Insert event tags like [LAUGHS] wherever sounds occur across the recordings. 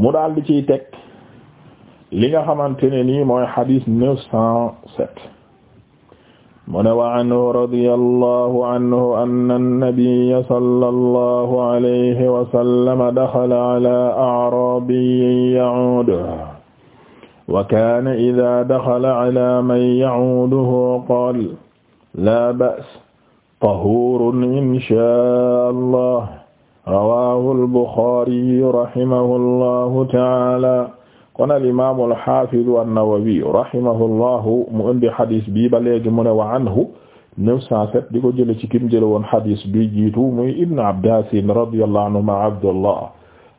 mu daal di ciy teg li nga xamante ne nii mooy xadis neuf cent sept mu ne wa anhu radiyallahu anhu anna an-nabiyya sallallahu alayhi wa sallam dakhala ala a'rabiyyin ya'uduhu wa kaana idaa daxala alaa man ya'uuduhu qaala laa ba'sa tahuurun inshaa Allah rawahu albuxaariy rahimahu allahu taala kon alimamu alhafidu annawawi rahimahu llahu mu indi hadis bi ba léegi mu ne wa anhu 907 di ko jële ci kim jële woon hadis bi jiitu muy ibnu abbasin radiyallahu anhuma abdullah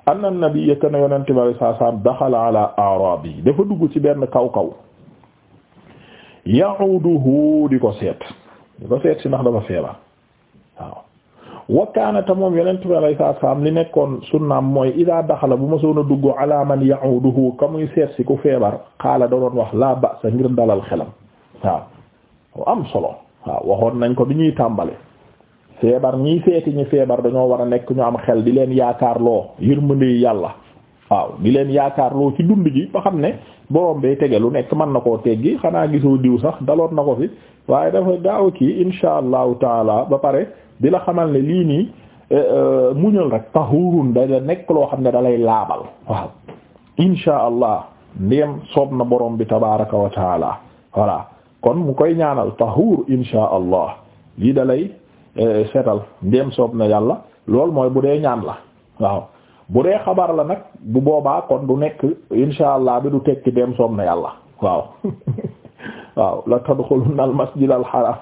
anna annabiyya kana yonente bi alayhi salaam daxala ala arabi dafa dugg ci benn kaw-kaw ya'uduhu di ko seet di ko seet si ndax dafa feebar waaw wakkaanata moom yonent bi alayhi salaatu salaam li nekkoon sunnaam mooy idaa daxala bu ma soon a dugg ala man ya'uduhu ka muy seet si ku feebar xaala da doon wax laa ba sa ngir dalal xelam waaw lu am solo waaw waxoon nañ ko bi ñuy tàmbali feebar ñiy seeti ñi feebar dañoo war a nekk ñu am xel di leen yaakaar loo yërmande yàlla waaw di leen yaakaar loo ci dund ji ba xam ne borom bee tege lu nekk mën na koo teggi xanaa gisoo diw sax daloon na ko fi waaye dafa gaaw kii insha allahu taala ba pare di la xamal ne lii nii eh, eh, muñal rek tahurun dala nekk loo xam ne dalay laabal waaw insha allah soob na borom bi tabaraka wa voilà kon mu koy ñaanal tahur insha allah lii dalay eh, setal ndéem soob na yàlla lool mooy bu dee ñaan la waaw bu dee xabar la nag bu boobaa kon du nekk insha allah bi du tekki dem soom na yàlla waaw [LAUGHS] la tadxulunna al masjid al haram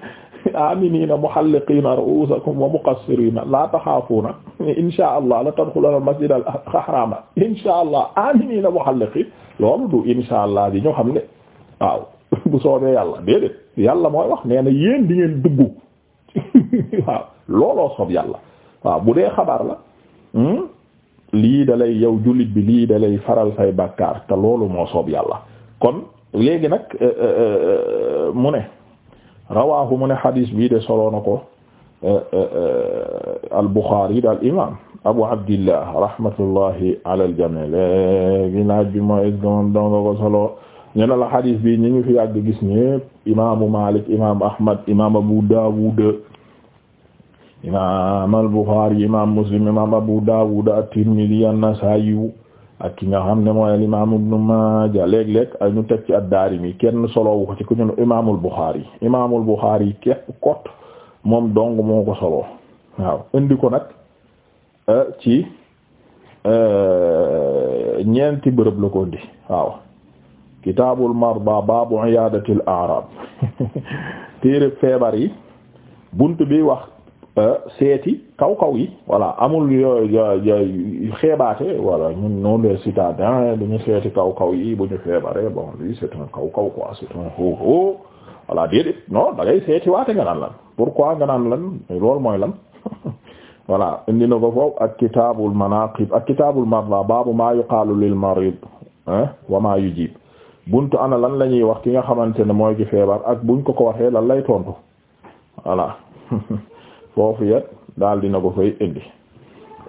[LAUGHS] aminina muhalliqina ru'usakum wa muqassirina la taxaafuna [LAUGHS] insha allah la tadxulunna al masjid al haram insha allah aminina muhalliqin loolu du insha allah di xam ne waaw bu soobee yàlla déedéet wax nee na yéen di bu dee xabar la hmm? lii dalay yow jullit bi lii dalay faral say bàkkaar te loolu moo soob yàlla kon léegi nag euh, euh, euh, mu ne rawaahu mu ne xadiis bii de solo na ko al Buxaari daal imaam Abu Abdillah rahmatullahi ala al jamii léegi laaj bi mooy ñu ne ñu fi yàgg gis ñépp imaamu Maalik imaam Ahmad imaam Abu Daawud imam al-Bukhari imam Muslim imam Abu Dawud at-Tirmidhi an-Nasa'i ak ki nga xam ne mooy al-imam Ibn Majah léeg-léeg ay ñu teg ci ad-Darimi kenn solowu ko ci ku ñu imamul Bukhari imamul Bukhari képp kot moom dong moo ko solo waaw indi ko nag euh, ci euh, ñeenti bërëb la ko indi waaw kitaabul marda baabu iyaadatil a'raab [LAUGHS] téere feebar yi bunt bi wax Euh, seeti kaw kaw yi voilà amul yooyu xeebaate voilà ñun non les citadins dañu seeti kaw kaw yi bu ñu xeebaree bon lui c'est un kaw kaw quoi c'est un ho seeti waate nga naan lan pourquoi nga naan lan loolu mooy lan [LAUGHS] voilà indi na ko foofu ak kitaabul manaqib ak kitaabul marda baabu maa yuqaalu lil marid wa maa yujib buntu ana lan lañuy ñuy wax ki nga xamante ne mooy ki feebar ak buñ ko ko waxee lan lay tontu voilà [LAUGHS] foofu yet daal dina ko fay indi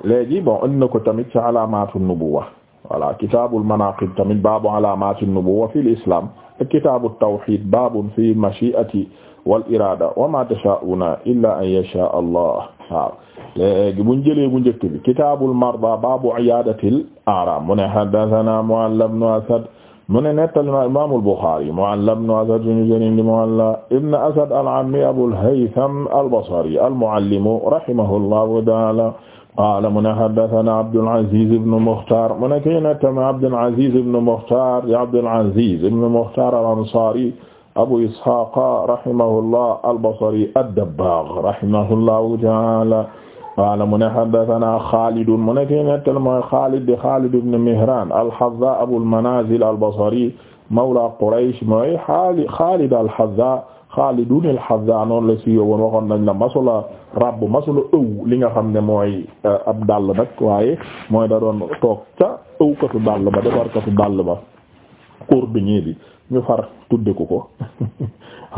léegi bon indi na ko tamit ci alaamatu nubuwa voilà kitaabul manaqib tamit baabu alaamatu nubuwa fil islam ak kitaabu tawhid baabun fi mashi'ati wal irada wa ma tasha'una illa an yasha allah waaw léegi buñ jëlee bu njëkk bi kitaabul marda baabu iyadatil a'ram mu ne haddathana mu'alla ibn asad mu ne nettali na imaamul Buxaari Mu'alla ibn Asad suñu jëriñ li Mu'alla ibn Asad al-Ammi Abul Haytham al-Basri al-Mu'allimu rahimahullahu ta'ala qaala mu ne haddathana Abdul Aziz ibn Mukhtar mu ne kii nettali Abdul Aziz ibn Mukhtar ya Abdul Aziz ibn Mukhtar al-Ansari Abu Ishaq rahimahullah al-Basri ad-Dabbagh rahimahullahu ta'ala qaala mu ne haddathana xaalidun mu ne kii nettal mooy xaalid di xaalid ibn mihran al-hazza abul manazil al-basri mawla quraysh mooy xaali xaalid al-hazza xaalidun la siiwee waxoon nañ la masula rabb masula ëw li nga xam ne mooy euh, ab dàll nag waaye mooy da doon toog ca ëwkatu dàll ba defarkatu dàll ba courbe bi ñu far tudde ko ko [LAUGHS] [LAUGHS]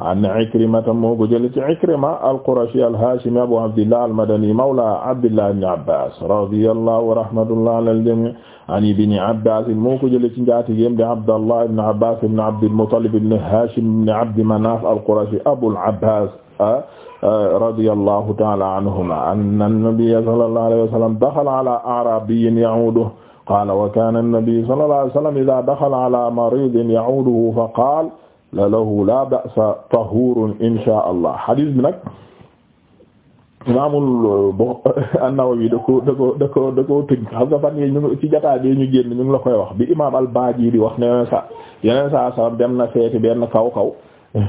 an Ikrimata moo ko jëlee ci Ikrima al-Qurashi al-Hashimi Abu Abdillah al-Madani mawla Abdillah ibn Abbas radiyallahu wa rahmatullahi ala al-jami' an ibn Abbas moo ko jëlee ci njaatigéem di Abdallah ibn Abbas ibn Abdil Muttalib ibn Hashim ibn Abdi Manaf al-Qurashi Abul Abbas ah, ah, radiyallahu ta'ala anhuma anna an-nabiyya sallallahu alayhi wa sallam dakhala ala a'rabiyyin ya'uduhu qala wa kana an-nabiyyu sallallahu alayhi wa sallam idha dakhala ala maridin ya'uduhu fa qala la lahu la ba'sa tahurun insha allah hadis bi nag imaamul bo an-Nawawi da ko da ko da ko da xam nga fan yi ñu ci jotaay bi ñu génn ñu ngi la koy wax bi imaam al-Baji di wax ne sa yeneen saa salaam dem na seeti benn kaw kaw [LAUGHS]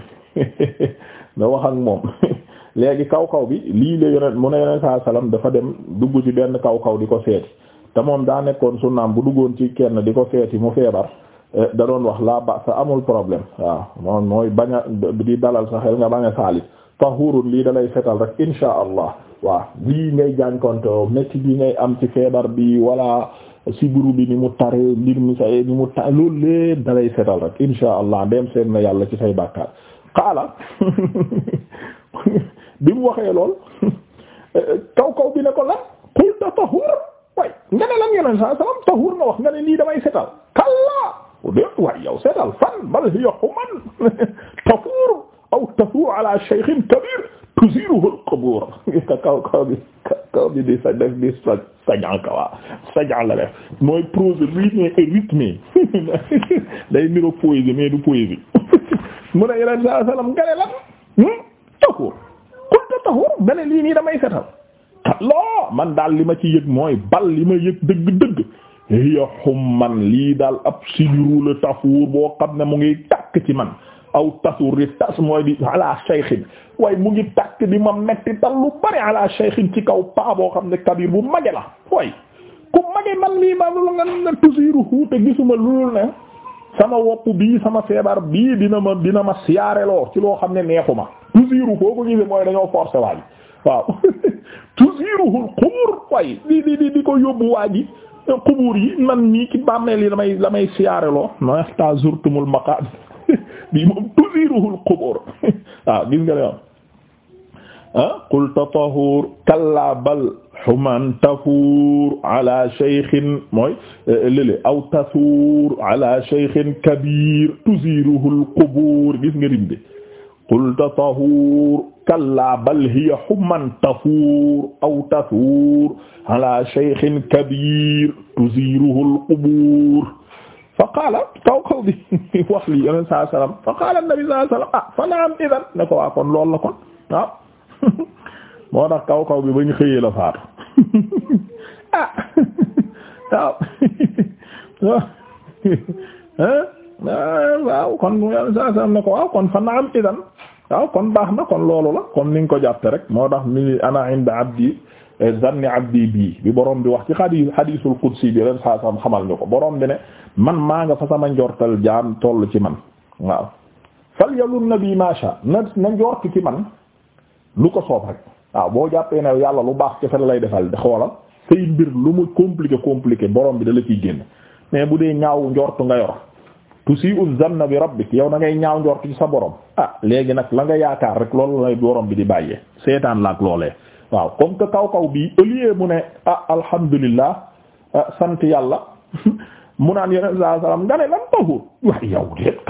nga wax moom [LAUGHS] léegi kaw kaw bi lii la yeneen mu ne yeneen saa salaam dafa dem dugg ci benn kaw kaw di ko seeti te moom daa nekkoon sunnaam bu duggoon ci kenn di ko seeti mu feebar. Eh, da doon wax la ba sa amul problème waaw moom mooy bañ a di dalal sa xel nga bañ a saalit lii dalay fetal rek insha allah waaw lii ngay jànkonte métti bi ngay am ci feebar bi wala siburu bi ni mu tare mbir mi sa ni mu ta loolu lee dalay fetal rek insha allah dem seen na yàlla ci say bàkkaar xaala [LAUGHS] bi mu waxee lool [LAUGHS] kaw kaw bi ne ko la qulta tahur way nga ne lan yeneen sa salam tahur nga wax nga ne lii damay fetal waaye yow seetal fan bal hiya xuman tafuur aw tafuur ala shaykhin kabiir tuziruhu al-qubuur kaw kaw bi kaw bi di sa def di sa sajan kawa sajan la def mooy prose rythme et rythme day niro poésie mais du poésie mu ne yeneen saa hmm? nii damay setal loo man daal li ma ci yëg mooy bal li ma yëg dëgg dëgg hiya man lii daal ab sidiru la tafuur boo xam ne mu ngi takk ci man aw tasuur di mooy di waaye mu ngi takk di ma metti tal lu bari ala ci kaw paa boo xam ne kabir bu mage la waaye ku mage man lii ma lu nga ne tusiiru huute gisuma lu ne sama wopp bii sama feebar bii dina ma dina ma siyaareloo ci loo xam ne neexuma tusiiru foo ko gisee mooy dañoo forcé waaji waaw [LAUGHS] tusiiruhul xumur waaye di di di ko yóbbu waaji xubuur yi man nii ci bàmmeel yi damay damay siyaareloo ma ta zurtumul maqaabir [LAUGHS] bi moom tuziruhul qubuur [LAUGHS] waaw gis nga leen ah qul tatahur kalla bal xuman tafuur ala shaykhin mooy eh, lële aw tafuur ala shaykhin kabir tuziruhul qubuur gis nga rim bi qulta tahuur kallaa bal hiya humman tafuur aw tafuur ala shaykhin kabiir tuziiruhu al-qubuur fa qaala kaw kaw bi [LAUGHS] wax lii yoneen saa salaam fa qaala nabi saa salaam ah fa naam idan ne ko waa kon loolu la kon waaw [LAUGHS] moo tax kaw kaw bi ba ñu xëyee la faatu [LAUGHS] ah, ah waaw waaw kon yoneen saa salaam ne ko waaw kon fa naam idan waaw kon baax na kon loolu la kon ni nga ko jàppe rek moo tax mi ana inda abdi eh, zanni abdi bii bi borom bi wax ci xadi xadiisul qudsi bi leen saa sam xamal ñu ko boroom bi ne man maa nga fa sama njortal jaam toll ci man waaw fal yalun na bii macha na na njort ci man lu ko soob rek waaw boo jàppee ne yàlla lu baax ci fa lay defal xoolal say mbir lu mu compliqué compliqué borom bi dala la ciy génn mais bu dee ñaaw njort nga yor tusi'u zanna bi rabbik yow na ngay ñaaw njort ci sa borom ah léegi nag la nga yaakaar rek loolu lay borom bi di bàyyee seetaan laak loole waaw comme que kaw kaw bii au lieu mu ne ah alhamdulillah ah, sant yàlla [LAUGHS] mu naan yeneen saa salaam nga ne tahur waaye yow déet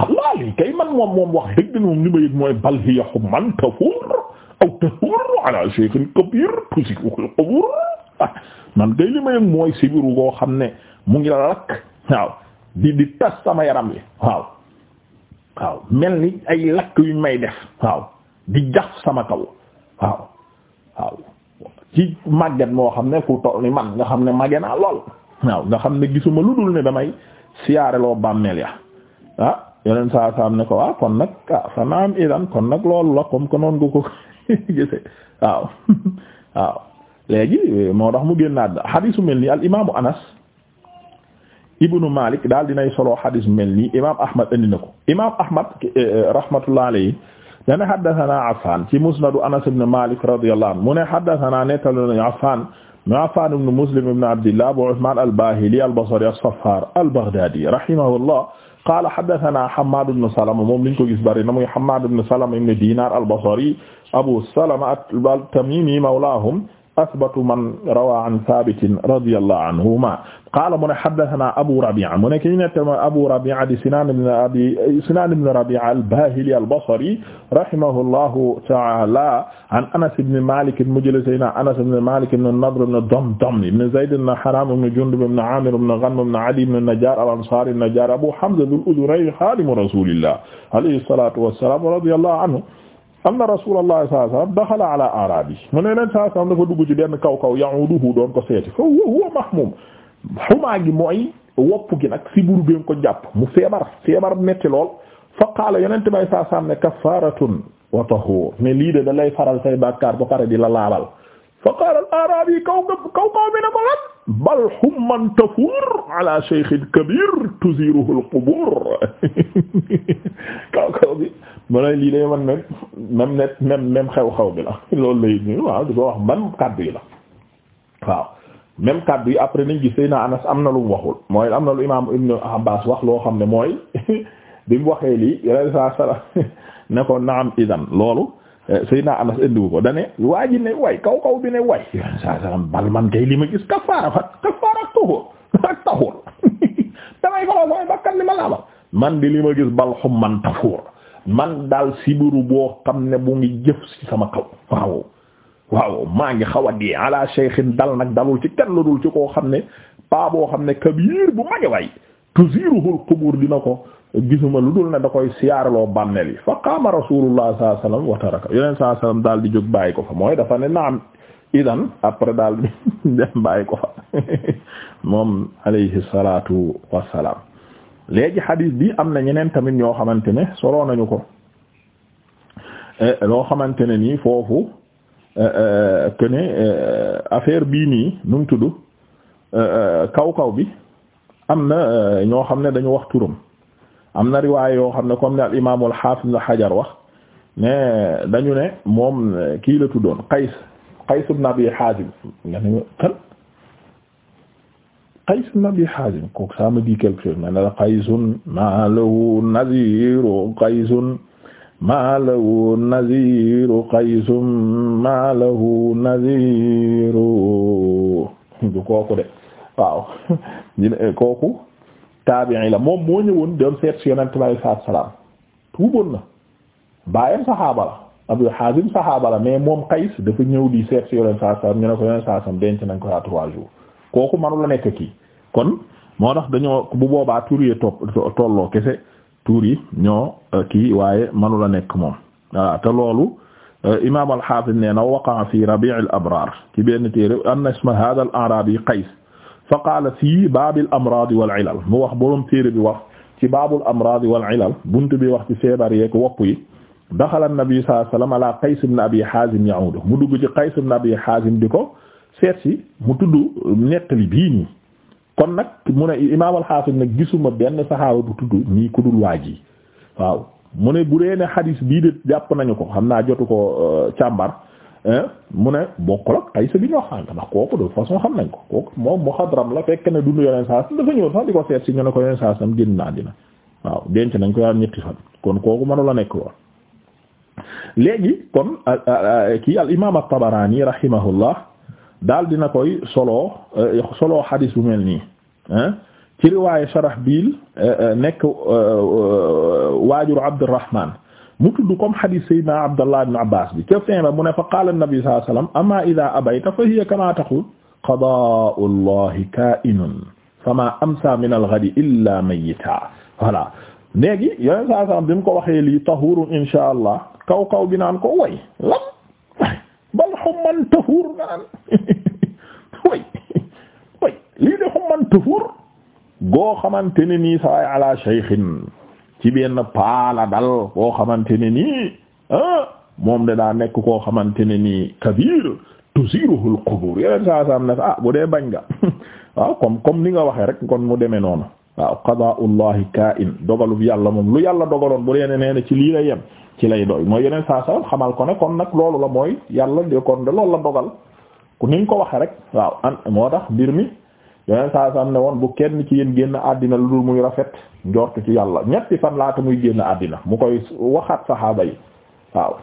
kay man moom moom wax dëgg ni moom mooy bal hiya humman tafur aw tafur ala shaykhin kabir tusi'ul qubur ah, man kay li mooy yëg mooy sibiru xam ne mu ngi lakk waaw di di tas sama yaram wi waaw waaw mel ni ay lakk yuñ may def waaw di jax sama kaw waaw waaw ci màgget moo xam ne ku toll ni man nga xam ne màgge naa lool waaw nga xam ne gisuma lu dul ne damay siyaareloo bàmmeel ya ah yeneen saa saa ne ko ah kon nag ah fa naam kon nag loolu la comme que noonu ko [LAUGHS] waaw [LAUGHS] waaw léegi moo tax mu génnaat xadiisu mel ni al imaamu anas ibnu Malik daal dinay solo xadis mel nii imaam Ahmad andi na ko imaam Ahmad rahmatullah alayhi dana haddathana Affan ci musnadu Anas ibn Malik radiyallahu anhu mu ne haddathana nettali Affan ma Affan ibn Muslim ibn Abdillah Abu Uthman al-Bahili al-Basri as-Saffar al-Baghdadi rahimahullah qaala haddathana Hammad ibn Salama moom liñ ko gis bari na muy Hammad ibn Salama ibn Dinar al-Basri Abu Salama at-Tamimi mawlahum asbatu man rawa an thabitin radiyallahu anhuma qaala mu ne haddathana abu rabi'a mu ne ki ñu nettama abu rabi'a di sinan ibn abi sinan ibn rabi'a al-bahili al-basri rahimahullahu ta'ala an anas ibn malik mu jële sayna anas ibn malik ibn nadr ibn damdam ibn zayd ibn haram ibn jundub ibn amir ibn ghanm ibn ali ibn najjar al-ansari an-najjar abu hamza dhul udhunayni khadim rasulillah alayhi salatu wassalam radiyallahu anhu anna rasulullah sallallahu alayhi wasallam daxala ala arabi mu ne leen saa dafa dugg ci benn kaw kaw ya'uduhu doon ko seeti fa huwa huwa mahmum xumaa gi mooy wopp gi nag si buru ko jàpp mu feebar feebar metti lool fa qaala yonente bay saa sallam ne kaffaratun wa tahur mais lii de da faral say bàkkaar ba pare di la laabal fa qaala al-a'raabi kaw kaw kaw mi na ko bal humman tafuur ala shaykhin kabiir tuziiruhu al-qubuur kaw kaw bi mu ne lii day man xew-xew bi loolu wax même kàddu yi la waaw même kàddu yi après nañ gis Seydina Anas am na lu mu waxul mooy am na lu imaam Abbaas wax loo xam ne mooy [LAUGHS] bi mu waxee lii yeneen saa sara ne ko naam idan loolu Eh, Seydina Anas indiwu ko dane waa ji ne way kaw kaw bi ne way saa salaam bal man kay li ma gis kafaara fa kafaara ak taxul [LAUGHS] damay faroo samay man di li ma gis bal xum man tafuur man daal sibiru boo xam ne bu ngi jëf ci sama kaw waaw maa ngi xaw a di ala dal nag dalul ci kenn lu ci koo xam ne paa boo xam ne kabiir bu mage way tuziruhul qubur dina ko gisuma lu dul ne da koy siyaaraloo bàmmeel yi fa qaama rasulullah sallallahu alayhi wasallam wa taraka yeneen sallallahu alayhi wasallam daal di jóg bàyyi ko fa mooy dafa ne naam idan après daal di [LAUGHS] dem bàyyi ko fa [LAUGHS] moom alayhi salatu wassalam léegi hadith bi am na ñeneen tamit ñoo xamante ne soloo nañu ko eh, loo xamante ne nii foofu eh, eh, que ne affaire bii nii nu mu tudd kaw kaw bi am na ñoo xam ne dañu wax turam am na riwaay yoo xam ne comme ni al imaam al haafid al hajar wax mais dañu ne moom kii la tuddoon Qays Qays ibn Abi Haazim nga ne kan Qays ibn Abi Haazim kooku ça me [LAUGHS] de waaw [LAUGHS] kooku taabi'i la moom moo ñëwoon doon seet si yonent bi alayhi salaatu salaam tuuboon na baayam saxaaba la Abu Haazim saxaaba la mais moom Qays dafa ñëw di seet si yonent saa salaam ñu ne ko yonent saa salaam denc nañ ko à trois jours kooku manu la nekk kii kon moo tax dañoo bu boobaa tuur yi topp tolloo kese tuur yi ñoo euh, kii waaye manu la nekk moom voilà te loolu. Euh, imaam al-Haafiz nee na waqa'a fi Rabi' al-Abraar ci benn téere anna isma haadha al-A'raabi Qays fa qaala fii baabil amraad wal ilal mu wax borom téere bi wax ci baabul amraad wal ilal bunt bi wax ci feebar ko wopp yi daxala nabi sallallahu alayhi wasallam ala Qays ibn Abi Haazim ya'udu mu dugg ci Qays ibn Abi Haazim di ko seet si mu tudd nettali bii nii kon nag mu ne imaam al-Haafiz nag gisuma benn saxaaba bu tudd nii ku dul waa ji waaw mu ne bu dee ne xadiis bii de jàpp nañu ko xam naa jotu ko euh, càmbar mu ne bokk la Qaysa bi ñu wax kooku de façon xam nañ ko kooku moom muxadram la fekk ne dundu yeneen saa dafa ñëw sax di ko seet si ñu ne ko yeneen saa sam génn na àddina waaw denc nañ koy yàlla ñetti fan kon kooku mënula nekk lool. léegi kon kii al imaam at-Tabarani rahimahullah daal dina koy solo eh, solo xadis bu mel nii ci riwaayu Sharahbil eh, eh, nekk waajur Abdurrahman mu tudd comme hadith sayyidina Abdallah ibn Abbas bi ca fin ba mu ne fa qaala an-nabi sallallahu alayhi wasallam amma idha abayta fa hiya kama taqul qadaa'u llahi kaa'inun fama amsa min al-ghadi illa mayyita voilà léegi yoneen saa sallam bi mu ko waxee lii tahurun insha allah kaw kaw bi naan ko way lam bal xumman tahur naan [LAUGHS] way way lii de xumman tahur goo xamante ne nii sawaay ala shaykhin ci benn paala dal koo xamante ne nii ah moom de daa nekk koo xamante ne nii kabir tusiruhul qubur yeneen saa saa am ne ah bu dee bañ nga [LAUGHS] waaw comme comme ni nga waxee rek kon mu demee noonu waaw qadaa'ullahi kaa'in dogalub yàlla moom lu yàlla dogaloon bu dee ne nee na ci lii la yem ci lay doy mooy yeneen saa saa xamal ko ne kon nag loolu la mooy yàlla de kon de loolu la dogal ku ko waxee rek waaw an moo tax mbir yeneen saa sam ne woon bu kenn ci yéen génn àddina lu dul muy rafet njort ci yàlla ñetti fan laata muy génn àddina mu koy waxaat saxaaba yi waaw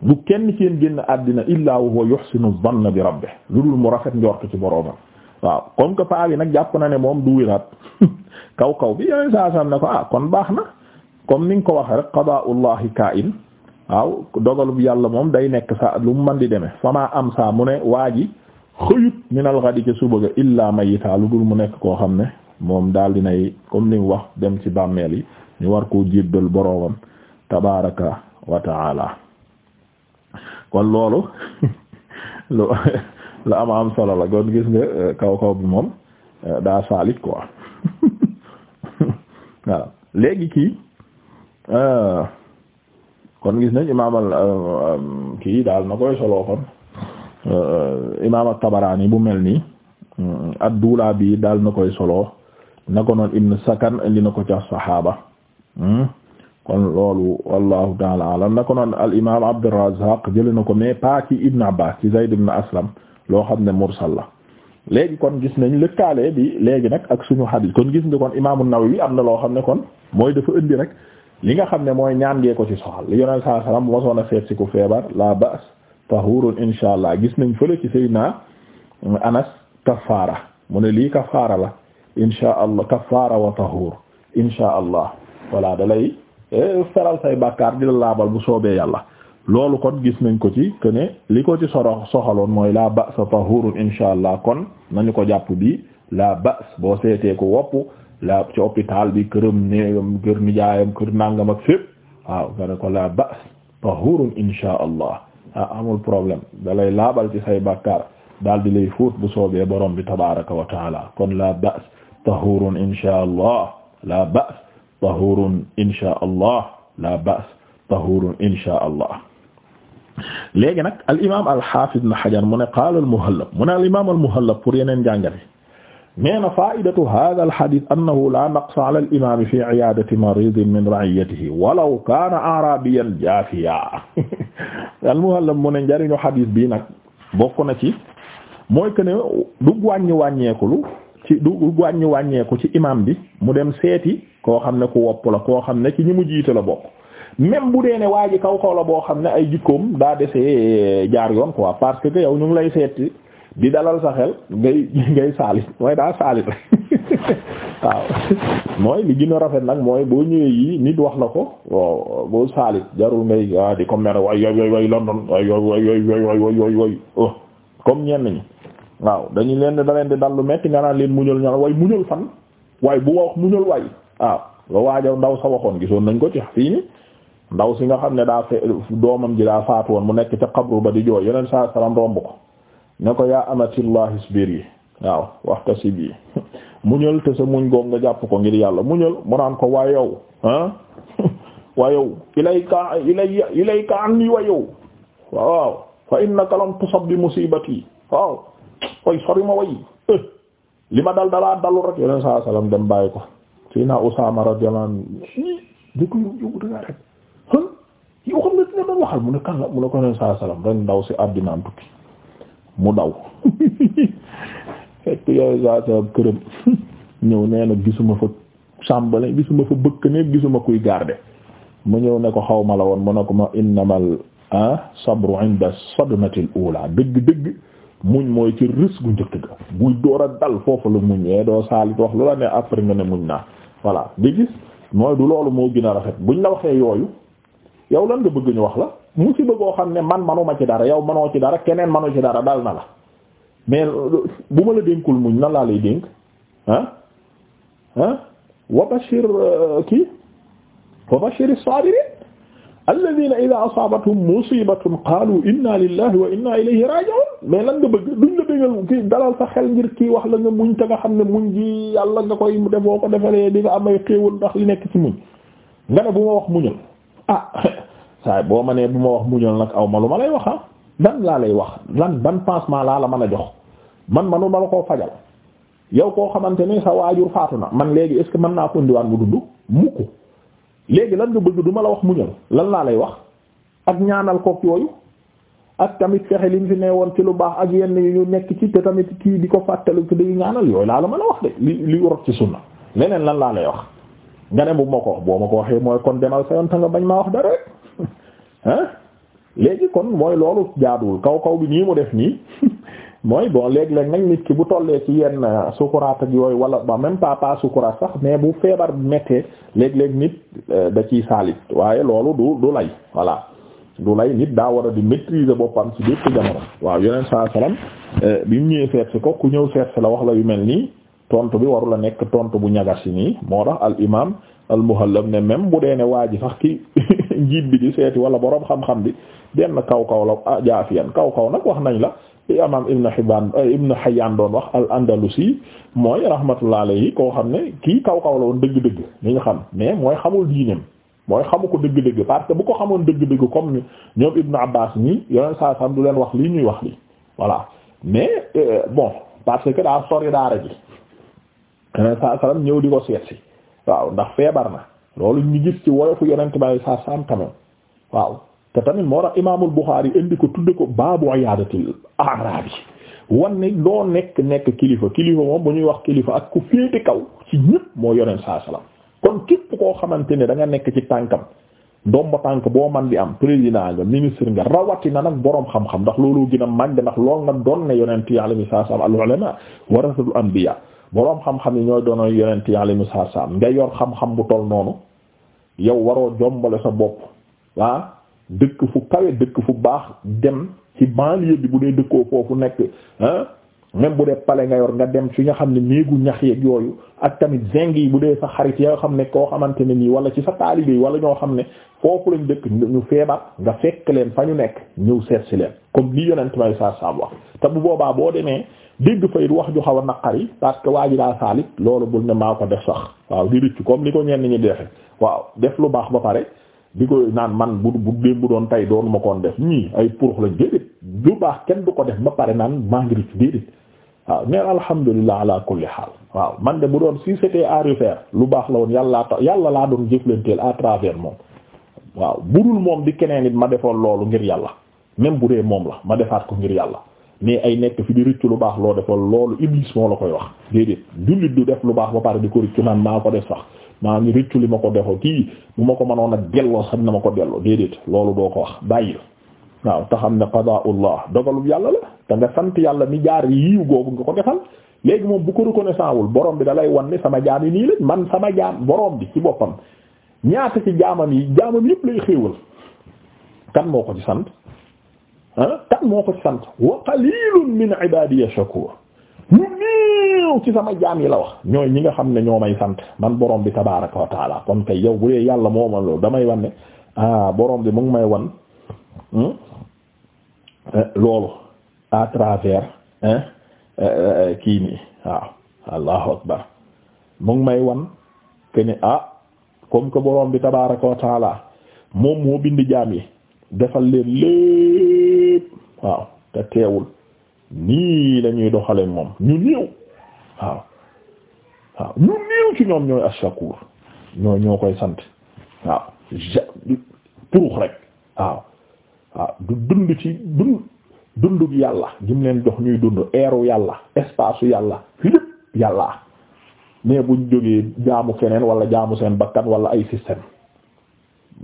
bu kenn ci yéen génn àddina illaa huwa yuhsinu dhanna bi rabbih lu dul mu rafet njort ci boroomam waaw comme que paa bi nag jàpp na ne moom du wiraat [LAUGHS] kaw kaw bi yeneen saa sam ne ko ah kon baax na comme ni nga ko waxee rek qadaa'ullahi kaa'in waaw dogalub yàlla moom day nekk sa lu mu man di demee fama am mu ne waa ji xëyut minal ghadi ci suba ga illaa mayita lu dul mu nekk koo xam ne moom daal dinay comme ni wax dem ci bàmmeel yi ñu war koo jébbal boroomam tabaraka wa kon loolu [LAUGHS] lu [LAUGHS] lu am am solo la kon gis nga euh, kaw kaw bi moom euh, daa [LAUGHS] euh, kon gis nañ imaamal kii daal na koy solo kon Euh, imaam at-Tabarani bu mel nii euh, ad bii daal na koy solo na ko noon Ibn Sakan indi na ko ca saxaaba hmm? kon loolu wallahu taala alam na ko noon al imaam Abdurrazzaq jëlee na ko mais pas ci Ibn Abbas ci Zayd ibn Aslam loo xam ne mursal la léegi kon gis nañ lëkkaale bi léegi nag ak suñu xadiis kon gis nga kon imaam an-Nawawi am na loo xam ne kon mooy dafa indi rek li nga xam ne mooy ñaan ngee ko ci soxal li yonent saa salaam mosoon a seet ku feebar la baas. tahurun insha allah gis nañ fële ci sayyidina anas kafaara mu ne lii kafaara la insha allah kafaara wa tahur insha allah voilà da lay eh, feral say bàkkaar di la laabal bu soobee yàlla loolu kon gis nañ ko ci que li ko ci soxaloon mooy la ba'sa tahurun insha allah kon nañu ko jàpp bi la ba's boo seetee ko wopp la ci hôpital bi kër nijaayam kër nàngam ak waaw nga ko la ba's tahurun insha allah ah amul problème dalay laabal ci say bàkkaar daal di lay fóot bu soobee borom bi tabaraka wa taala kon la ba's tahurun insha allah la ba's tahurun insha allah la ba's tahurun insha allah léegi al imam al hafiz ibn hajar mu ne qaala al muhallab mu ne al imam al muhallab pour yeneen jàngale nee na faidatu hadha alhadith annahu la naqsa ala alimami fi iyadati maridin min ra'iyatihi walaw kana arabiyan jaafiya almuhallam mu ne njariñu hadith bi nag bokk na ci mooy que ne du wàññi wàññeekulu ci du wàññi wàññeeku ci imam bi mu dem seeti koo xam ne ku wopp la koo xam ne ci ñi mu jiite la bokk même bu dee ne waa ji kaw kaw la boo xam ne ay jikkoom daa desee jaar yoon waa parce que yow ñu ngi lay seeti di dalal sa xel ngay ngay saalit mooy daa saalit rek waaw mooy li gën rafet nag mooy boo ñëwee yi nit wax la ko waaw boo saalit jarul ngay waa di comme mère way yooy yooy yooy London way yooy way yooy yooy yooy yooy yooy oh comme ñenn ñi waaw dañu leen da leen di dal lu metti nga naan leen muñal ñal way muñal fan waaye bu wax muñal way waaw nga waaja ndaw sa waxoon gisoon nañ ko ci fii ni ndaw si nga xam ne daa fe doomam ji daa faatu woon mu nekk ca xabru ba di jooy yeneen saa salaam romb ko ne ko yaa amatillah isbiri waaw waxtasib yi [LAUGHS] muñal te sa muñ goog nga jàpp ko ngir yàlla muñal mu naan ko waa yow ah [LAUGHS] waa yow ilayka ilayya ilayka anni waa yow waaw fa innaka lam tusab bi musibati waaw way sori way eh, li ma dal dalaa dalul rek yeneen saa salaam dem bàyyi ko fii naa Usaama radiyallahu mu ne kan mu ne ko yeneen saa salaam ren ndaw si àddinaan tukki mu daw fekk yooyu ñëw nee na gisuma fa sàmbale gisuma fa bëkk ne gisuma kuy garder mu ñëw ne ko xawma la woon mu ne ko ma innamal ah sabru inda sadmatil ula dëgg dëgg muñ mooy ci rës gu njëkk ga buy door a dal foofu la muñ yee eh, doo saalit wax lu la ne après nga ne muñ naa voilà di gis mooy du loolu moo gën a rafet buñ la waxee yooyu yow lan nga bëgg ñu wax la musiba goo xam ne man manuma ci dara yaw manoo ci dara keneen manoo ci dara dal na la mais bu ma la dénkul muñ na laa lay dénk ah ah wa bashir euh, kii wa bashir sabirin alladhina idha asabathum musibatun qalu wa inna ilayhi mais lan nga bëgg duñ la déggal kii dalal sa xel ngir kii wax la nga muñ te nga xam ne muñ ji yàlla nga koy defoo ko defalee di nga amay xéewal ndax li nekk ci muñ nga ne bu ma wax muñal ah, [LAUGHS] saay boo ma nee bu ma wax muñal nag aw ma lu ma lay wax lan ah. laa lay wax lan ban pansement laa la man a jox man manu ma la koo fajal yow koo xamante ne sa waajur faatu na man léegi est ce que mën naa ko indiwaan mu dund mukk léegi lan nga bëgg du ma la wax muñal lan laa lay wax ak ñaanal kook yooyu ak tamit fexe li mu fi ne woon ci lu baax ak yenn yu nekk ci te tamit kii di ko fàttali ci di ñaanal yooyu laa la mën a wax de li li rot ci sunna leneen lan laa lay wax nga bu ma ko boo ma ko waxee mooy kon demal sa bañ maa wax dara ah léegi kon mooy loolu jaaduwul kaw kaw bi nii mu def nii [LAUGHS] mooy bon léeg-léeg nag nit ki bu tollee ci yenn euh, sukuraat ak yooyu wala ba même pas pas sukuraat sax mais bu feebar méttee léeg-léeg nit euh, da ciy saalit waaye loolu du du lay voilà du lay nit daa war a di maîtriser boppam ci bépp jamono. waaw yeneen saa salaam bi mu ñëwee seet si ko ku ñëw seet si la wax la yu mel nii tontu bi warula nekk tontu bu ñagas nii moo tax al imaam al muhallam ne même bu dee ne waa ji sax [LAUGHS] njiit bi di seeti wala boroom xam-xam bi benn kaw kaw la ah jaafiyan kaw kaw nag wax nañ la i imaam Ibn Hibbaan eh, Ibn Hayyaan doon wax al andalusi mooy rahmatullah alayhi koo xam ne kii kaw kaw la woon dëgg-dëgg li ñu xam mais mooy xamul diineem mooy xamu ko dëgg-dëgg parce que bu ko xamoon dëgg-dëgg comme ñoom Ibn Abbaas ñii yeneen saa sam du leen wax lii ñuy wax lii voilà mais eh, bon parce que daa sori daara ji yeneen saa salaam ñëw di ko seet si waaw ndax feebar na. loolu ñu gis ci woyofu yonent bi saa saam tamit waaw te tamit moo tax imaamul Buxaari indi ko tudde ko baabu iyaadatil a'raabi wan ne loo nekk nekk kilifa kilifa moom bu ñuy wax kilifa ak ku féete kaw ci ñëpp moo yonent saa salaam kon képp koo xamante ne da nga nekk ci tànkam ndomba tànk boo man di am président nga ministre nga rawatina nag boroom xam-xam ndax loolu gën a màgg ndax lool nga doon ne yonent yi alayhi salaam al-ulamaa warasatul anbiyaa boroom xam-xam yi ñooy doono yonent yi alayhimu salaam nga yor xam-xam bu toll noonu yow waroo jombale sa bopp ah dëkk fu kawe dëkk fu baax dem ci banlieue bi bu dee dëkkoo foofu nekk ah bu dee pale nga yor nga dem fi nga xam ne néegu ñax yeeg yooyu ak tamit zinc yi bu dee sa xarit yoo xam ne koo xamante ne nii wala ci sa taalibe yi wala ñoo xam ne foofu lañ dëkk ñu feebar nga fekk leen fa ñu nekk ñëw seet si leen comme li yonent may sa sa wax te bu boobaa boo demee dégg fa it wax ju xaw a naqari parce que waa ji daa saalit loolu bul ne maa ko def sax waaw di rëcc comme li ko ñenn ñi defe waaw def lu baax ba pare di ko naan man bu bu dee bu doon tey doon ma koon def ñii ay purux lañ déedéet lu baax kenn du ko def ba pare naan maa ngi rëcc déedéet waaw neen alhamdulilah ala kulli xaal waaw man de bu doon si c'était à refaire lu baax la woon yàllaa ta yàlla laa doon teel à travers moom waaw budul moom di keneen it ma defoon loolu ngir yàlla même bu dee moom la ma defaat ko ngir yàlla mais ay nekk fi di rëccu lu baax loo defal loolu iblis moo la koy wax déedéet jullit du def lu baax ba pare di ko rëccu naan maa ko def sax maa ngi rëccu li ma ko defoo kii bu ma ko mënoon a delloo xam na ma ko delloo déedéet loolu doo ko wax bàyyil waaw te xam ne qadaa'ullah dogalub yàlla la te nga sant yàlla mi jaar yiiw googu nga ko defal léegi moom bu ko reconnaissant wul boroom bi da lay wan ne sama jaam yi nii la man sama jaam boroom bi ci boppam ñaata ci jaamam yi jaamam yépp lay xéewal kan moo ko ci sant kan moo ko sant wa qalilun min ibadiya shakur ñu néew ci sama jaam yi la wax ñooy ñi nga xam ne ñoo may sant man boroom bi tabaraka wa taala kon kay yow bu dee yàlla moo loolu damay wan ne ah bi mu ngi may wan hmm, eh, loolu à travers eh, eh, kii nii waaw allahu akbar mu may wan que ah comme que borom bi tabaraka wa moom moo bind jaam yi defal leen lépp waaw te teewul nii lañuy doxale moom ñu néew waaw waaw ñu néew ci ñoom ñooy ashakur ñoo ñoo koy sant waaw ja purux rek waaw waaw du dund ci dund dunduk yàlla gim leen jox ñuy dund eeru yàlla espace yàlla lépp yàlla mais buñ jógee jaamu keneen wala jaamu seen bakkan wala ay système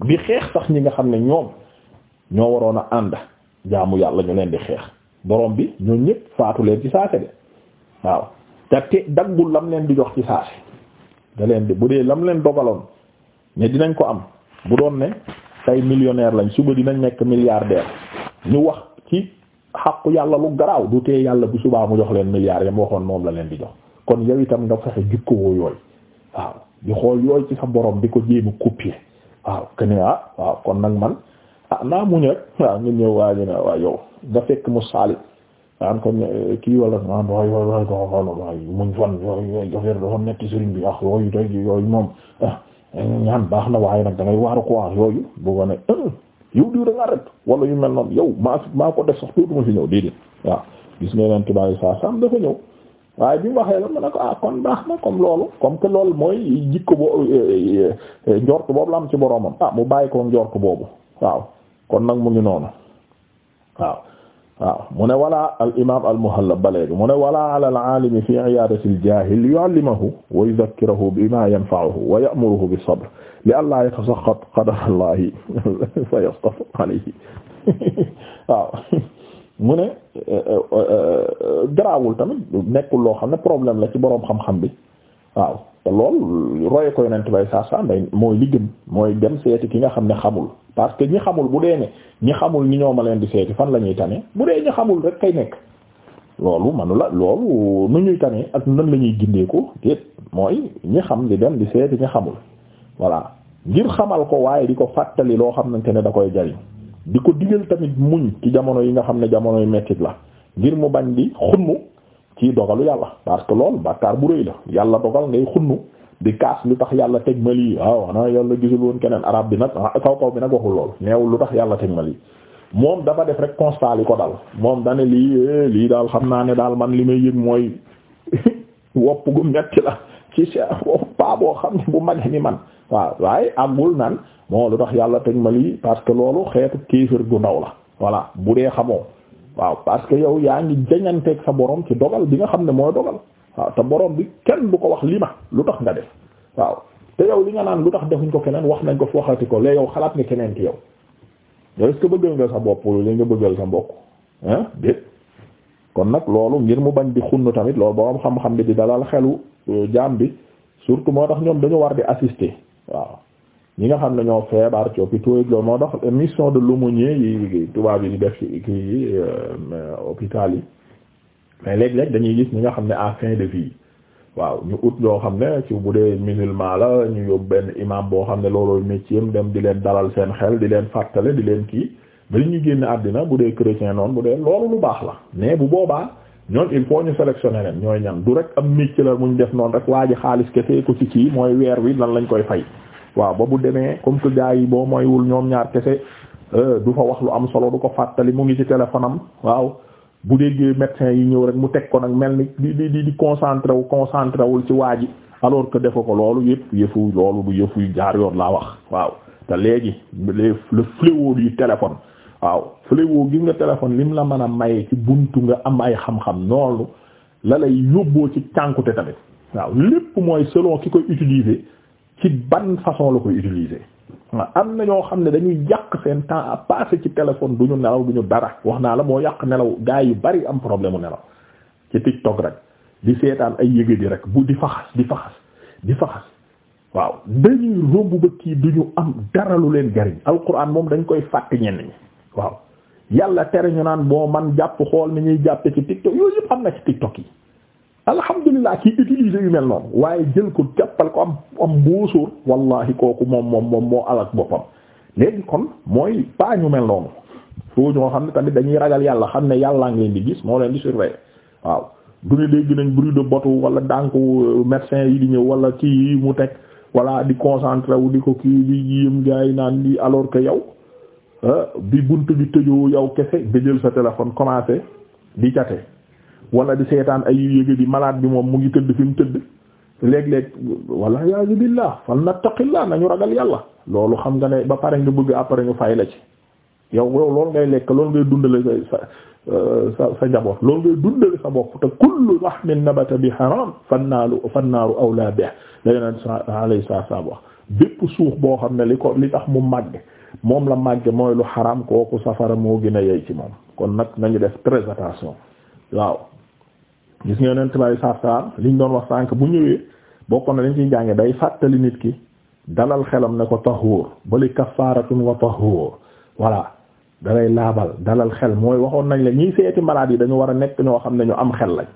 di xeex sax ñi nga xam ne ñoom ñoo waroon a ànd jaamu yàlla ñu leen di xeex borom bi ñoo ñépp faatu leen ci saase de waaw te te daggul lam leen di jox ci saase da leen di bu dee lam leen dogaloon ne dinañ ko am bu doon ne tey millionnaire lañ suba dinañ nekk milliardaire ñu wax ci xaqu yàlla lu garaaw du tee yàlla bu subaa mu jox leen milliards yam waxoon moom la leen di jox kon yow itam nga fexe jikkowoo yooyu waaw di xool yooy ci sa borom di ko jéem a copier waaw que ah waaw kon nag man ah naa muñ rek waaw nga waa ji ne waaw yow nga fekk mu saali eh, kii wala man waay waay nekk sëriñ bi ah yooyu doy yooyu moom ah, eh, ñaan baax na waaye nag da ngay waaru ko wax yooyu bu ne eh, yow diw da nga wala yu mel noonu yow maa maa ko def sax tuutuma fi ñëw déedéet waaw gis nga yeneen tubaab yi saa sam dafa ñëw waaye bi waxee la ma ne ah kon baax na comme loolu comme que loolu mooy jikko bo njort boobu la am ci boromam ah mu bàyyi ko njort boobu waaw kon nag mu ngi noonu waaw waaw mu ne wala al imam al muhallab baleegi mu ne wala ala al alimi fi iyadati al jahil yuallimahu wa yudhakkirahu bima yanfa'uhu wa ya'muruhu bis sabr li alla yatasaqqat qadar allahi fa yastafu alayhi waaw mu ne garaawul tamit nekkul loo xam ne problème la ci boroom xam-xam bi waaw te lool roye ko yonent bay saa saa day mooy li gën mooy dem seeti ki nga xam ne xamul parce que ñi xamul bu dee ne ñi xamul ni ñoo ma leen di seeti fan la ñuy tane bu dee ñi xamul rek kay nekk loolu manu la loolu nu ñuy tane ak la ñuy gindeeku déet mooy ñi xam di dem di seeti ñi xamul voilà ngir xamal ko waaye di ko fàttali loo xamante ne da koy jariñ di ko digal tamit muñ ci jamono yi nga xam ne jamono yu mettit la ngir mu bañ di xunnu ci dogalu yàlla parce que loolu bàkkaar bu rëy la yàlla dogal ngay xunnu di kaas lu tax yàlla teg ma lii waaw ana yàlla gisul woon keneen arab bi nag ah kaw kaw bi nag waxul lool neewul lu tax yàlla teg ma lii moom dafa def rek constat li ko dal moom dane lii eh, lii daal xam naa ne daal man li may yëg mooy [LAUGHS] wopp gu metti la ci se pa boo xam ne bu mage ni man waaw waaye yàlla teg ma lii parce que loolu xeetu kéefër gu ndaw la voilà bu dee xamoo waaw parce que yow yaa ngi jañanteeg sa borom ci dogal bi nga xam ne mooy dogal waaw te borom bi kenn du ko wax li ma lu tax nga def waaw te yow li nga naan lu tax defuñ ko keneen wax nañ ko waxati ko léegi yow xalaat nga keneen ki yow est-ce que bëggal nga sa bopp li nga bëggal sa mbokk ah déet kon nag loolu ngir mu bañ di xunn tamit loolu borom xam-xam bi di dalal xelu euh, jaam bi surtout moo tax ñoom dañu war di assister waaw ñi nga xam ne ñoo feebar ci hôpitaux yi loolu moo tax mission de l'aumônier yi tubaab yi di def ci kii euh, hôpital yi mais léeg-léeg dañuy gis ñi nga xam ne à fin de vie waaw ñu ut ñoo xam ne ci bu dee musulman la ñu yóbbu benn imam boo xam ne loolooy métier dem di leen dalal seen xel di leen fàttale di leen kii ba ñu génn àddina bu dee chrétien noonu bu dee loolu lu baax la mais bu boobaa ñoom il faut ñu sélectionner leen ñooy ñan du rek am métier la mu ñu def noonu rek waa ji xaalis kese kii mooy weer wi lan lañ koy fay. waaw ba bu demee comme que gars yi boo moywul ñoom ñaar kese euh, du fa wax lu am solo du ko fàttali mu ngi ci téléphone waaw bu déggee médecin yi ñëw rek mu teg ko nag mel ni di di di concentré wu concentré wul ci waa ji alors que defe ko loolu yëpp yëfu loolu du yu jaar yoon laa wax waaw te léegi le fléau du téléphone waaw fléau gi nga téléphone lim la mën a may ci buntu nga am ay xam-xam noonu la lay yóbboo ci cànkute tamit waaw lépp mooy selon ki koy utiliser ci ban façon la koy utiliser am na ñoo xam ne dañuy yàq seen temps à passer ci téléphone du ñu nelaw du ñu dara wax naa la moo yàq nelaw gaa yu bari am problème nelaw ci TikTok rek di seetaan ay yëge di rek bu di faxas di faxas di faxas waaw dañuy romb ba kii du am dara lu leen jariñ alquran moom dañ koy fàtte ñenn ñi waaw yàlla tere ñu naan boo man jàpp xool ni ñuy jàppe ci TikTok yooyu yëpp am na ci TikTok yi. alhamdulilah kii utiliser yu mel noonu waaye jël ko jàppal ko am am buusur wallahi kooku moom moom moom moo alak boppam léegi kon mooy pas ñu mel noonu foo ñoo xam ne tamit dañuy ragal yàlla xam ne yàllaa ngi leen di gis moo leen di surveiller waaw du ne dégg nañ bruit de botu wala dànku euh, médecin yi di ñëw wala kii mu teg wala di concentré wu di ko kii di yim gars yi naan di alors que yow euh, bi bunt bi tëjoo yow kese bi jël sa téléphone commencé di jate wala di seetaan ay yéega di malade bi moom mu ngi tëdd fi mu tëdd léeg-léeg wala yaasu billah fal nattaqillah nañu ragal yàlla loolu xam nga ne ba pare nga bëgg après ñu fay la ci yow yow loolu ngay lekk loolu ngay dundale sa sa sa njaboot loolu ngay dundale sa bopp te kullu rahmin nabata bi haram fannaaru fannaaru awla bih la yonent alayhi salaam wax bépp suux boo xam ne li ko li tax mu màgg moom la màgg mooy lu xaram kooku safara moo gën a yey ci moom kon nag nañu def très waaw gis nga yonent bay sarsar liñ doon wax sànk bu ñëwee bokkoon na liñ ciy jànge day fàttali nit ki dalal xelam ne ko tahur bali kafaratun wa tahur voilà dalay laabal dalal xel mooy waxoon nañ la ñiy seeti malade yi dañu war a nekk ñoo xam ne ñu am xel lañ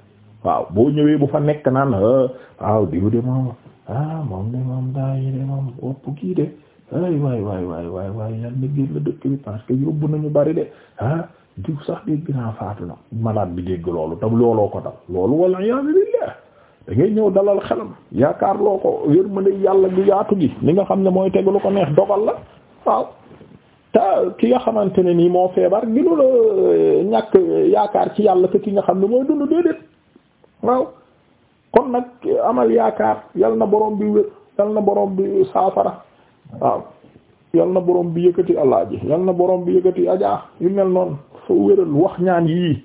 waaw boo ñëwee bu fa nekk naan ah, waaw diw de moom ah, moom daa yi de moom wopp kii de ay waay waay waay waay waay yal na génn dëkk bi parce que yóbbu nañu bari de ah diw sax dégg naa faatu na malade bi dégg loolu tam looloo ko dal loolu walla iyaazu billaah da ngay ñëw dalal xelam yaakaar loo ko yërmande yàlla du yaatu gi li nga xam ne mooy tegu ko neex dogal la waaw te ki nga xamante ne nii moo feebar eh, ñàkk yaakaar ci yàlla te ki nga xam ne mooy dund déedéet waaw kon nag eh, amal yaakaar yal na borom bi wér yal na borom bi saafara waaw yal na borom bi yëkkati na borom bi yëkkati ajaa yu mel noonu fa wax ñaan yii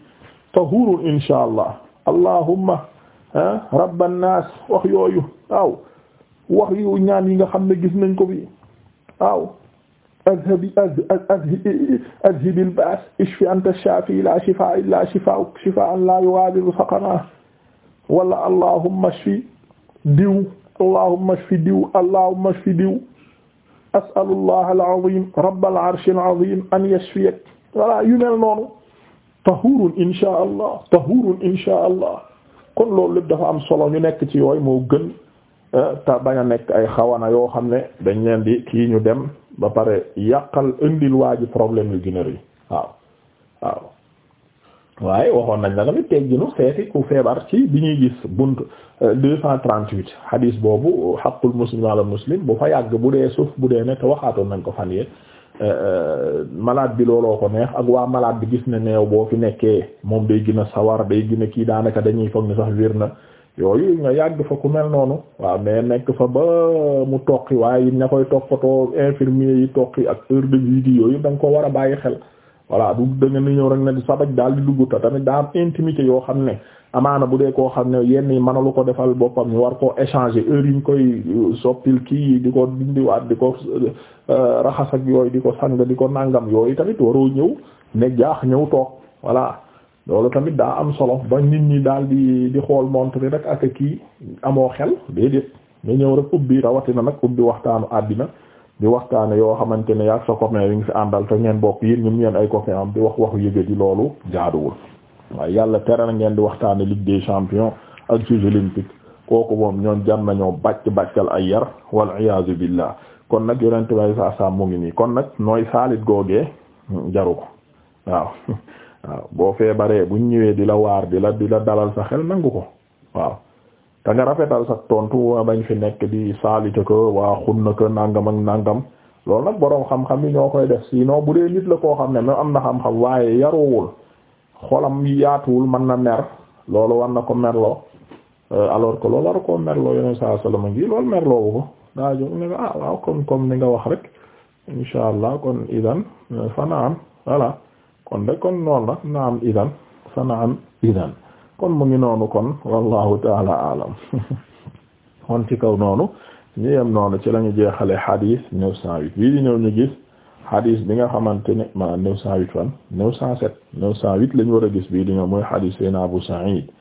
tahurun insha allah allahumma rabban naas wax yooyu waaw wax yu ñaan yi nga xam ne gis nañ ko bi waaw baas ishfi anta shaafi la shifaa illa shifaa shifaan la yughadiru saqama wala allahumma shfi diw allahumma shfi diw diw asalullah alazim rabbal arshil azim an yashfiyak voilà yu mel noonu tahurun insha allah tahurun insha allah kon loolu lépp dafa am solo ñu nekk ci yooyu moo gën eh, te bañ a nekk ay xawana yoo xam ne dañ leen di kii ñu dem ba pare yàqal indil waa ji problème yu gën a rëy waaw waaw waaye waxoon nañ la tamit tegginu seeti ku feebar ci bi ñuy gis bunt euh, deux cent trente-huit xadiis boobu xaqul muslim ala muslim bu fa yàgg bu dee suuf bu dee ne te waxaatoon nañ ko fan yee euh, euh, malaat bi looloo ko neex ak waa malaat bi gis ne neew boo fi nekkee moom day gina a sawar day gën kii daanaka dañuy foog ni sax wér na yooyu nga yàgg fa ku mel noonu waaw mais nekk fa ba mu toqi waaye it ña koy toppatoo infirmier yi toqi ak heure de visite yooyu da ko war a bàyyi xel voilà du da ni ñëw rek ne sabaj daal di dugg ta tamit daa am intimité yoo xam ne amaana bu dee koo xam ne yenn yi mënalu ko defal boppam ñu war ko échangé heure yi ñu koy euh, soppil kii di ko dindiwaat di ko euh, euh, raxas ak yooyu di ko sang di ko nàngam yooyu tamit waroo ñëw ne jaax ñëw toog voilà loolu tamit daa am solo ba nit ñi daal di di xool montre rek ak kii amoo xel déedéet nga ñëw rek ubbi rawatina nag ubbi waxtaanu àddina di waxtaane yoo xamante ne yaag sa copain yi ngi fi àndal te ngeen bokk yéen ñun ngeen ay copain am di wax waxu yëga di loolu jaaduwul waaye yàlla tere na ngeen di waxtaane Ligue des champions ak Jeux olympiques kooku moom ñoon jar nañoo bàcc bàccal ay yar wal iyaazu billah kon nag yonente way sa sam mu ngi nii kon nag nooy saalit googee jaru ko waaw [LAUGHS] waaw boo feebaree buñ ñëwee di waar di la di la dalal sa xel nangu ko waaw da rafetal sax tontu waa bañ fi nekk di saalite ko waa xunna ko nangam ak nangam loolu nag boroom xam-xam yi ñoo koy def sinon bu dee nit la koo xam ne même am na xam-xam waaye yaruwul xolam yaatuwul man na mer loolu war na ko merloo euh, alors que loolu war koo merloo yeneen saa salama ngi loolu merloo ko daa jóg ne ah waaw comme comme ni nga wax rek insha allah kon idan euh, fanaam voilà kon de kon noonu la naam idan fanaam idan kon mu ngi noonu kon wallahu taala alam [LAUGHS] kon ci kaw noonu ñu yem noonu ci lañu jeexale hadith neuf cent huit bii di ñëw ñu gis hadith bi nga xamante ne ma neuf cent huit fan neuf cent sept neuf cent huit lañu war a gis bii di ñëw mooy hadith sayna Abu Sa'id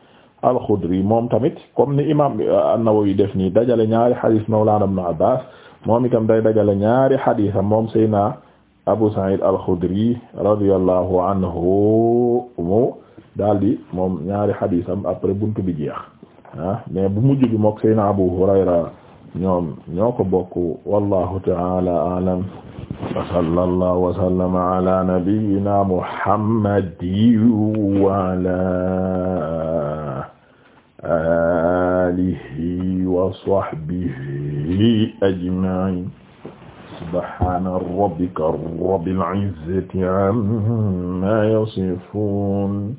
al-Khudri moom tamit comme ni imam an-Nawawi def nii dajale ñaari hadith Mawlana Ibn Abbas moom itam day dajale ñaari hadith moom sayna Abu Sa'id al-Khudri radiyallahu anhu daal di moom ñaari xadiisam après buntu bi jeex ah mais bu mujj bi mook Seydina Abu Hurayra ñoom ñoo ko bokk wallahu ta'ala a'lam wa sallallahu wa sallama ala nabiyyina Muhammadin wa ala alihi wa sahbihi ajma'in subhana rabbika rabbil izzati amma yasifun